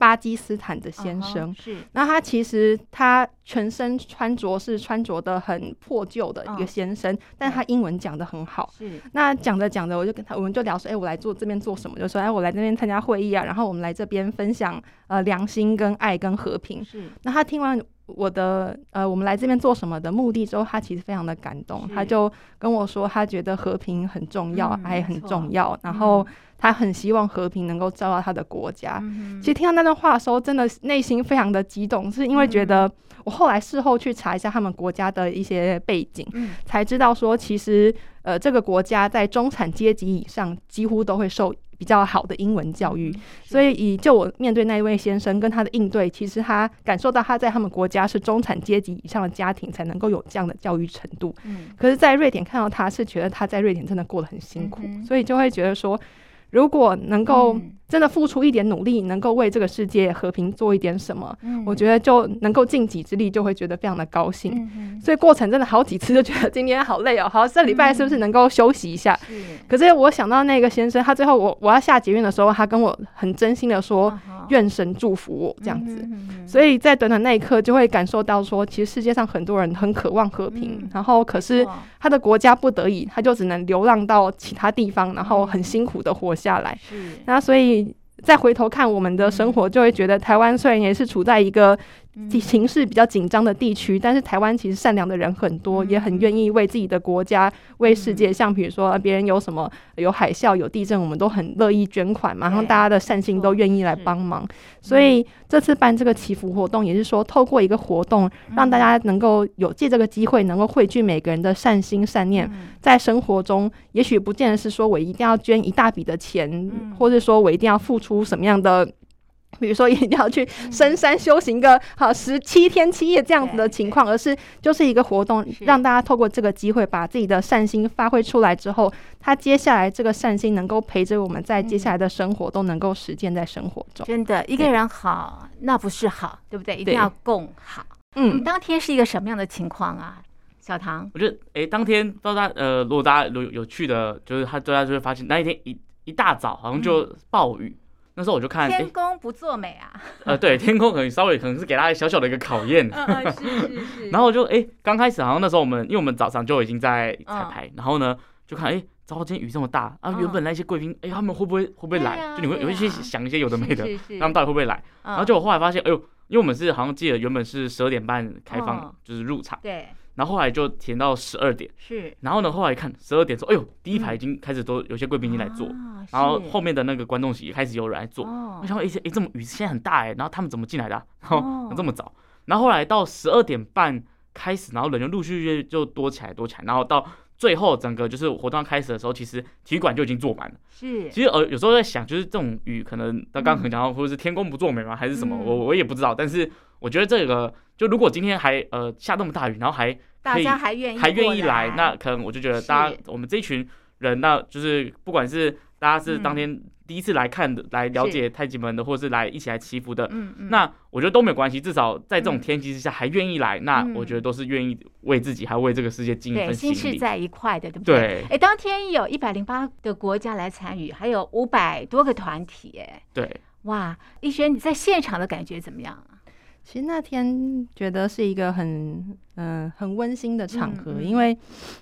巴基斯坦的先生，uh-huh, 是，那他其實他全身穿着是穿着的很破舊的一個先生，uh, 但他英文講的很好。是，uh, 那講着講着，我就跟他，我們就聊說，哎，我來做這邊做什麼？就說，是，哎，我來這邊參加會議啊，然後我們來這邊分享呃良心跟愛跟和平。是，那他聽完。我的呃，我們來這邊做什麼的目的之後，他其實非常的感動，是他就跟我說，他覺得和平很重要，愛、嗯、很重要，錯然後他很希望和平能夠照到他的國家。嗯、其實聽到那段話的時候，真的內心非常的激動，嗯、是因為覺得我後來事後去查一下他們國家的一些背景，嗯、才知道說，其實呃，這個國家在中產階級以上幾乎都會受。比較好的英文教育，所以以就我面對那一位先生跟他的應對，其實他感受到他在他們國家是中產階級以上的家庭才能夠有這樣的教育程度。嗯、可是，在瑞典看到他是覺得他在瑞典真的過得很辛苦，嗯、哼所以就會覺得說，如果能夠、嗯。真的付出一點努力，能夠為這個世界和平做一點什麼，嗯、哼我覺得就能夠盡己之力，就會覺得非常的高興。嗯、哼所以過程真的好幾次就覺得今天好累哦，好，這禮拜是不是能夠休息一下？嗯、哼可是我想到那個先生，他最後我我要下捷運的時候，他跟我很真心的說，願、啊、好神祝福我這樣子。嗯、哼所以在短短那一刻，就會感受到說，其實世界上很多人很渴望和平，嗯、哼然後可是他的國家不得已，他就只能流浪到其他地方，然後很辛苦的活下來。嗯、哼那所以。再回頭看我們的生活，就會覺得台灣雖然也是處在一個。情勢比較緊張的地區。但是台灣其實善良的人很多，嗯、也很願意為自己的國家、為世界。嗯、像比如說，別人有什麼有海嘯、有地震，我們都很樂意捐款嘛。然後大家的善心都願意來幫忙。對所以這次辦這個祈福活動，也是說透過一個活動，讓大家能夠有借這個機會，能夠匯聚每個人的善心善念。在生活中，也許不見得是說我一定要捐一大筆的錢，或者說我一定要付出什麼樣的。比如說一定要去深山修行個好十七天七夜這樣子的情況，而是就是一個活動，讓大家透過這個機會把自己的善心發揮出來之後，他接下來這個善心能夠陪着我們在接下來的生活都能夠實踐在生活中、嗯。真的，一個人好對那不是好，對不對？一定要共好。嗯，當天是一個什麼樣的情況啊，小唐？我覺得，誒、哎，當天大呃，如果大家如果有有趣的，就是他大家就會發現，那一天一一大早好像就暴雨。嗯那時候我就看，天公不作美啊！呃，對，天公可能稍微可能是給大家小小的一個考驗。然後就哎，剛開始好像那時候我們，因為我們早上就已經在彩排，然後呢，就看哎，糟今天雨這麼大啊？原本那些貴賓，哎，他們會不會會不會來？就你會有一些想一些有的沒的，他們到底會不會來？然後就我後來發現，哎呦，因為我們是好像記得原本是十二點半開放，就是入場。對。然後後來就填到十二點，是。然後呢，後來一看十二點，說：“哎呦，第一排已經開始都有些貴賓進來坐，然後後面的那個觀眾席開始有人來坐。”我想，哎哎，這麼雨現在很大哎，然後他們怎麼進來的？然後這麼早。然後後來到十二點半開始，然後人就陸續就就多起來多起來。然後到最後整個就是活動開始的時候，其實體育館就已經坐滿了。是。其實呃，有時候在想，就是這種雨可能，他剛剛講到，或是天公不作美嘛，還是什麼，我我也不知道。但是我覺得這個。就如果今天還呃下那麼大雨，然後還大家還願意還願意來，那可能我就覺得大家是我們這一群人，那就是不管是大家是當天第一次來看、嗯、來了解太極門的，是或是來一起來祈福的，嗯嗯、那我覺得都沒有關係，至少在這種天氣之下還願意來，嗯、那我覺得都是願意為自己還為這個世界盡一份心力，人心是在一塊的，對不對？對，哎、欸，當天有一百零八個國家來參與，還有五百多個團體，哎，對，哇，一萱你在現場的感覺怎麼樣？其實那天覺得是一個很嗯、呃、很溫馨的場合，嗯嗯因為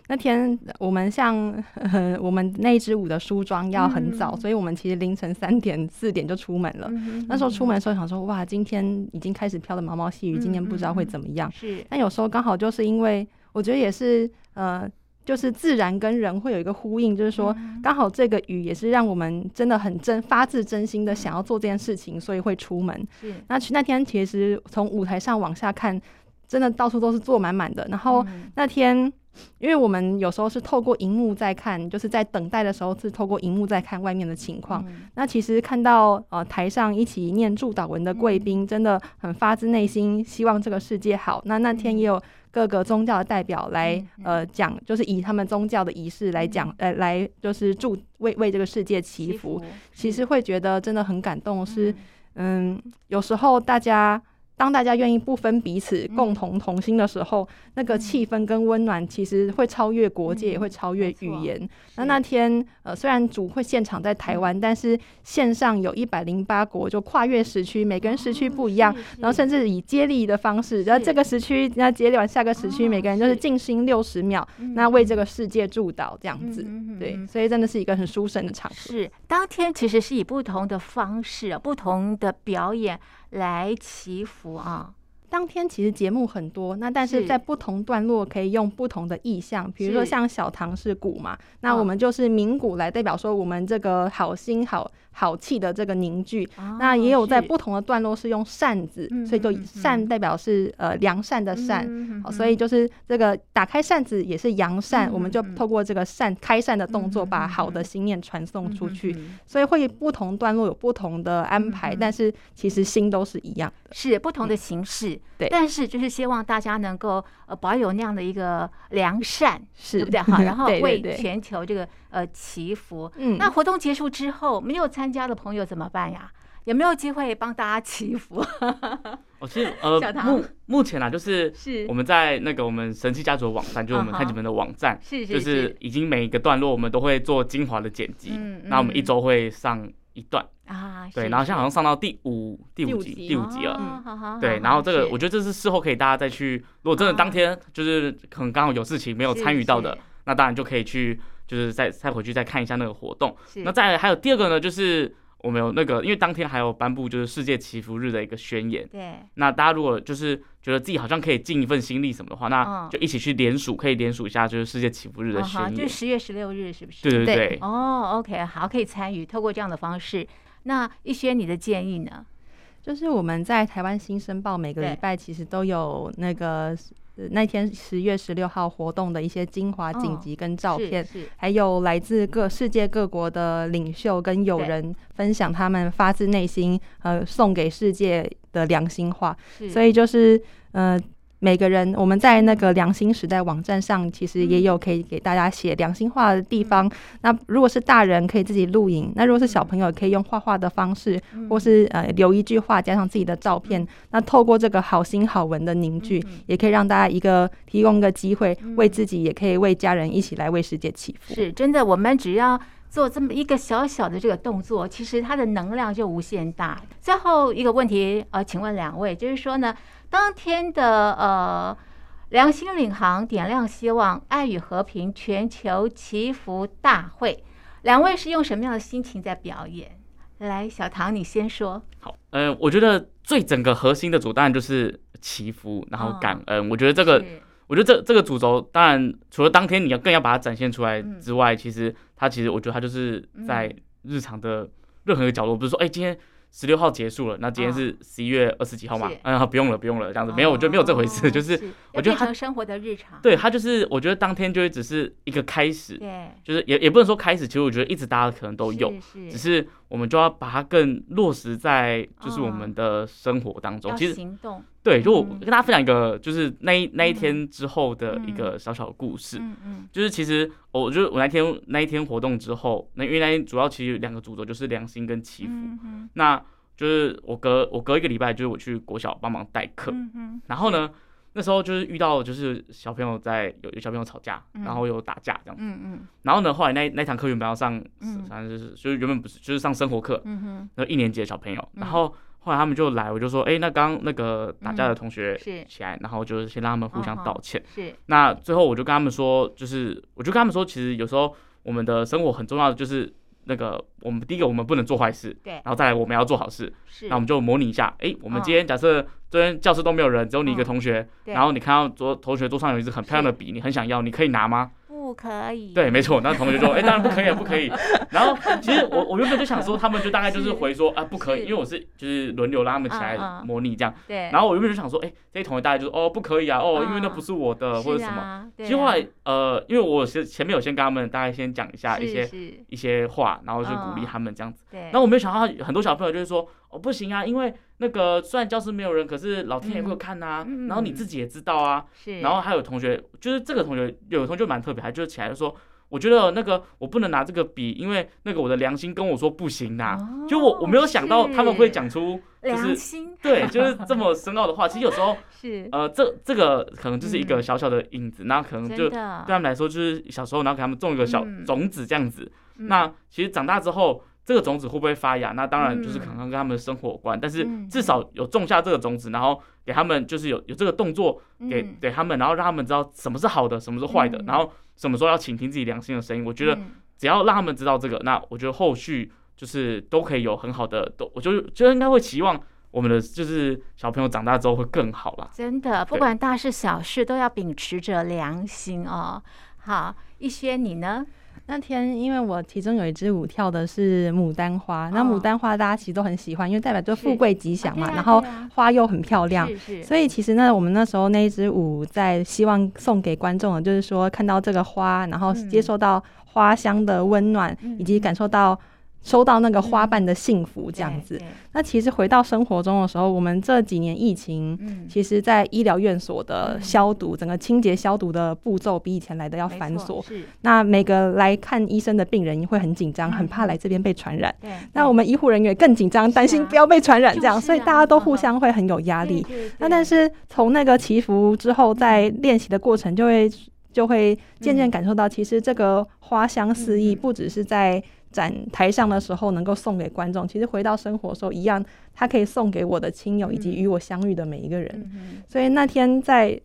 那天我們像呵呵我們那一支舞的梳妝要很早，嗯嗯所以我們其實凌晨三點四點就出門了。嗯嗯嗯那時候出門的時候想說哇，今天已經開始飄的毛毛細雨，嗯嗯今天不知道會怎麼樣。嗯嗯是，但有時候剛好就是因為我覺得也是呃。就是自然跟人會有一個呼應，就是說剛好這個雨也是讓我們真的很真发自真心的想要做這件事情，所以會出門。是 那那天其實從舞台上往下看，真的到處都是坐滿滿的。然後那天，因為我們有時候是透過熒幕在看，就是在等待的時候是透過熒幕在看外面的情況。那其實看到呃台上一起念祝禱文的貴賓，真的很发自內心希望這個世界好。那那天也有。各個宗教的代表來，嗯嗯、呃，講就是以他們宗教的儀式來講，嗯、呃，來就是祝為為這個世界祈福，祈福其實會覺得真的很感動是，是嗯，嗯，有時候大家。當大家願意不分彼此、共同同心的時候，那個氣氛跟溫暖其實會超越國界，也會超越語言。那那天，呃，雖然主會現場在台灣，但是線上有一百零八國，就跨越時區，每個人時區不一樣。然後甚至以接力的方式，然後這個時區，那接力完下個時區，每個人就是靜心六十秒，那為這個世界祝禱這樣子。對，所以真的是一個很殊勝的場合。是，當天其實是以不同的方式、不同的表演。來祈福啊、嗯！當天其實節目很多，那但是在不同段落可以用不同的意象，比如說像小唐是鼓嘛，那我們就是鳴鼓來代表說我們這個好心好，好氣的這個凝聚，哦、那也有在不同的段落是用扇子，嗯嗯嗯，所以就扇代表是呃良善的善，嗯嗯嗯、哦，所以就是這個打開扇子也是揚善，嗯嗯嗯，我們就透過這個扇開扇的動作把好的心念傳送出去，所以會不同段落有不同的安排，嗯嗯嗯，但是其實心都是一樣的，是不同的形式，嗯、對，但是就是希望大家能夠呃保有那樣的一個良善，是對不對？哈，然後為全球這個。呃，祈福。嗯，那活動結束之後，沒有參加的朋友怎麼辦呀？有沒有機會幫大家祈福？我是呃，目目前呢，就是是我們在那個我們神奇家族的網站，就是我們太極門的網站，就是已經每一個段落我們都會做精華的剪輯，那我們一周會上一段啊，對，然後現在好像上到第五第五集第五集了，對，然後這個我覺得這是事後可以大家再去，如果真的當天就是可能剛好有事情沒有參與到的，那當然就可以去。就是再再回去再看一下那個活動，是那再還有第二個呢，就是我們有那個，因為當天還有頒布就是世界祈福日的一個宣言，對，那大家如果就是覺得自己好像可以盡一份心力什麼的話，嗯哦、那就一起去聯署，可以聯署一下就是世界祈福日的宣言，哦、就十月十六日是不是？對對對。對哦，OK，好，可以參與，透過這樣的方式。那一萱，你的建議呢？就是我們在台灣新生報每個禮拜其實都有那個。那天十月十六號活動的一些精華剪輯、跟照片，哦、還有來自各世界各國的領袖跟友人分享他們發自內心對呃送給世界的良心話，是所以就是呃。每個人，我們在那個良心時代網站上，其實也有可以給大家寫良心話的地方。嗯、那如果是大人，可以自己錄影；嗯、那如果是小朋友，可以用畫畫的方式，嗯、或是呃留一句話，加上自己的照片。嗯、那透過這個好心好文的凝聚，也可以讓大家一個提供一個機會，為自己，也可以為家人一起來為世界祈福。是，真的，我們只要做這麼一個小小的這個動作，其實它的能量就無限大。最後一個問題，呃，請問兩位，就是說呢？當天的呃，良心領航點亮希望，愛與和平全球祈福大會，兩位是用什麼樣的心情在表演？來，小唐你先說。好，嗯、呃，我覺得最整個核心的主當然就是祈福，然後感恩。哦嗯、我覺得這個，是我覺得這這個主軸，當然除了當天你要更要把它展現出來之外，嗯、其實它其實我覺得它就是在日常的任何一個角落，嗯、比如說哎、欸、今天。十六號結束了，那今天是十一月二十幾號嘛？Uh, 嗯，不用了，不用了，這樣子、uh, 沒有，我覺得沒有這回事，uh, 就是，是我覺得他成生活的日常，對他就是，我覺得當天就會只是一個開始，對，Yeah. 就是也也不能說開始，其實我覺得一直大家可能都有，是是只是。我們就要把它更落實在就是我們的生活當中，哦、其實行動對。就我跟大家分享一個就是那一、嗯、那一天之後的一個小小的故事，嗯嗯嗯、就是其實我就是我那天那一天活動之後，那因為那天主要其實有兩個主軸就是良心跟祈福，嗯嗯、那就是我隔我隔一個禮拜就是我去國小幫忙代課，嗯嗯嗯、然後呢。那時候就是遇到就是小朋友在有有小朋友吵架，嗯、然後有打架這樣子，嗯嗯。嗯然後呢，後來那那堂課原本要上，反正就是就是原本不是就是上生活課，嗯，嗯哼。那一年級的小朋友，然後後來他們就來，我就說，哎、欸，那剛那個打架的同學是起來，嗯、然後就是先讓他們互相道歉。哦、是。那最後我就跟他們說，就是我就跟他們說，其實有時候我們的生活很重要的就是。那個，我們第一個，我們不能做壞事，對，然後再來，我們要做好事，是，那我們就模擬一下，哎，我們今天假設這邊教室都沒有人，只有你一個同學，對，然後你看到桌同學桌上有一支很漂亮的筆，你很想要，你可以拿嗎？不可以。對，沒錯。那同學說，哎、欸，當然不可以不可以。 然後，其實我我原本就想說，他們就大概就是回說啊是、呃，不可以，是因為我是就是輪流拉他們起來模擬這樣。嗯嗯、對。然後我原本就想說，哎、欸，這些同學大概就是哦，不可以啊，哦，因為那不是我的、嗯、或者什麼。啊啊、其實話，呃，因為我前前面有先跟他們大概先講一下一些是是一些話，然後就鼓勵他們這樣子。嗯、對。然後我沒有想到很多小朋友就是說。我、哦、不行啊！因為那個雖然教室沒有人，可是老天爺會看吶、啊。嗯嗯、然後你自己也知道啊。是。然後還有同學，就是這個同學，有同學就蠻特別，還就是起來就說：“我覺得那個我不能拿這個筆，因為那個我的良心跟我說不行吶、啊。哦”就我我沒有想到他們會講出、就是是，良心對，就是這麼深奧的話。 其實有時候是呃，這這個可能就是一個小小的影子，嗯、然後可能就對他們來說，就是小時候，然後給他們種一個小種子這樣子。嗯嗯、那其實長大之後。這個種子會不會發芽？那當然就是可能跟他們的生活有關，嗯、但是至少有種下這個種子，嗯、然後給他們就是有有這個動作給、嗯、給他們，然後讓他們知道什麼是好的，什麼是壞的，嗯、然後什麼時候要傾聽自己良心的聲音。我覺得只要讓他們知道這個，嗯、那我覺得後續就是都可以有很好的。都，我就就應該會期望我們的就是小朋友長大之後會更好了。真的，對不管大事小事都要秉持着良心哦。好，一萱，你呢？那天，因為我其中有一支舞跳的是牡丹花，哦、那牡丹花大家其實都很喜歡，因為代表就富貴吉祥嘛，啊啊啊、然後花又很漂亮，是是所以其實呢，我們那時候那一支舞在希望送給觀眾的，的就是說看到這個花，然後接受到花香的溫暖，嗯、以及感受到。收到那個花瓣的幸福，這樣子。嗯、那其實回到生活中的時候，我們這幾年疫情，嗯、其實在醫療院所的消毒，嗯、整個清潔消毒的步驟比以前來的要繁瑣。那每個來看醫生的病人會很緊張，很怕來這邊被傳染。那我們醫護人員更緊張，啊、擔心不要被傳染，這樣，啊、所以大家都互相會很有壓力。那但是從那個祈福之後，在練習的過程，就會就會漸漸感受到，其實這個花香四溢，不只是在。展臺上的時候，能夠送給觀眾，其實回到生活的時候一樣，它可以送給我的親友以及與我相遇的每一個人。嗯嗯嗯、所以那天在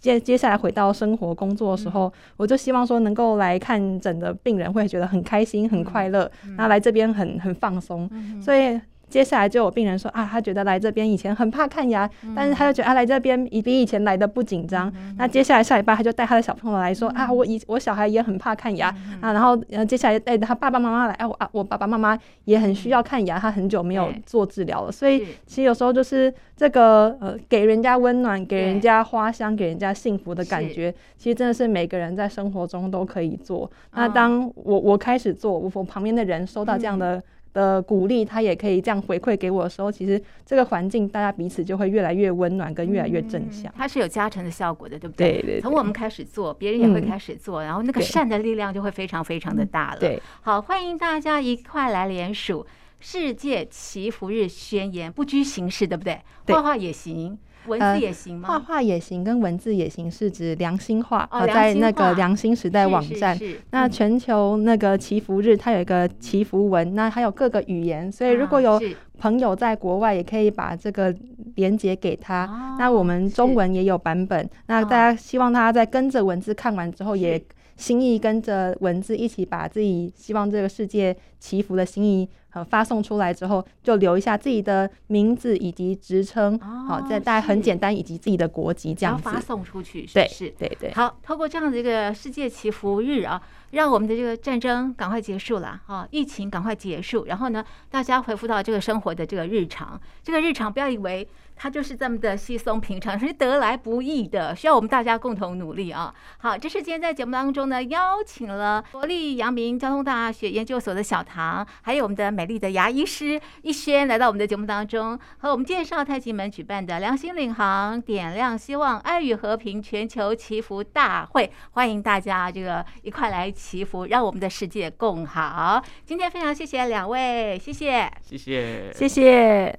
接接下來回到生活工作的時候，嗯、我就希望說能夠來看診的病人會覺得很開心、很快樂，然後、嗯嗯、來這邊很很放鬆。嗯嗯、所以。接下來就有病人說啊，他覺得來這邊以前很怕看牙，但是他就覺得啊，來這邊比比以前來的不緊張。那接下來下禮拜他就帶他的小朋友來說啊，我以我小孩也很怕看牙啊，然後接下來帶他爸爸媽媽來啊，我啊我爸爸媽媽也很需要看牙，他很久沒有做治療了。所以其實有時候就是這個呃，給人家溫暖、給人家花香、給人家幸福的感覺，其實真的是每個人在生活中都可以做。那當我我開始做，我我旁邊的人收到這樣的。呃，鼓勵他也可以這樣回饋給我的時候，其實這個環境大家彼此就會越來越溫暖，跟越來越正向。嗯，它是有加成的效果的，對不對？對，對，對。從我們開始做，別人也會開始做，嗯，然後那個善的力量就會非常非常的大了。對，好，歡迎大家一塊來聯署《世界祈福日宣言》，不拘形式，對不對？畫畫也行。文字也行，畫畫、呃、也行，跟文字也行是指良心畫。哦、心在那個良心時代網站，是是是那全球那個祈福日，它有一個祈福文，嗯、那還有各個語言，所以如果有朋友在國外，也可以把這個連接給他。啊、那我們中文也有版本，是那大家希望大家在跟着文字看完之後，也心意跟着文字一起把自己希望這個世界祈福的心意。呃、發送出來之後，就留一下自己的名字以及職稱，好，再帶很簡單，以及自己的國籍這樣發送出去。對，是，是，對對，對。好，透過這樣的一個世界祈福日啊，讓我們的這個戰爭趕快結束了。啊，疫情趕快結束，然後呢，大家回復到這個生活的這個日常，這個日常不要以為。它就是這麼的稀鬆平常，是得來不易的，需要我們大家共同努力啊！好，這是今天在節目當中呢，邀請了國立陽明交通大學研究所的小唐，還有我們的美麗的牙醫師一萱，來到我們的節目當中，和我們介紹太極門舉辦的“良心領航，點亮希望，愛與和平全球祈福大會”，歡迎大家這個一塊來祈福，讓我們的世界更好。今天非常謝謝兩位，謝謝，謝謝，謝謝。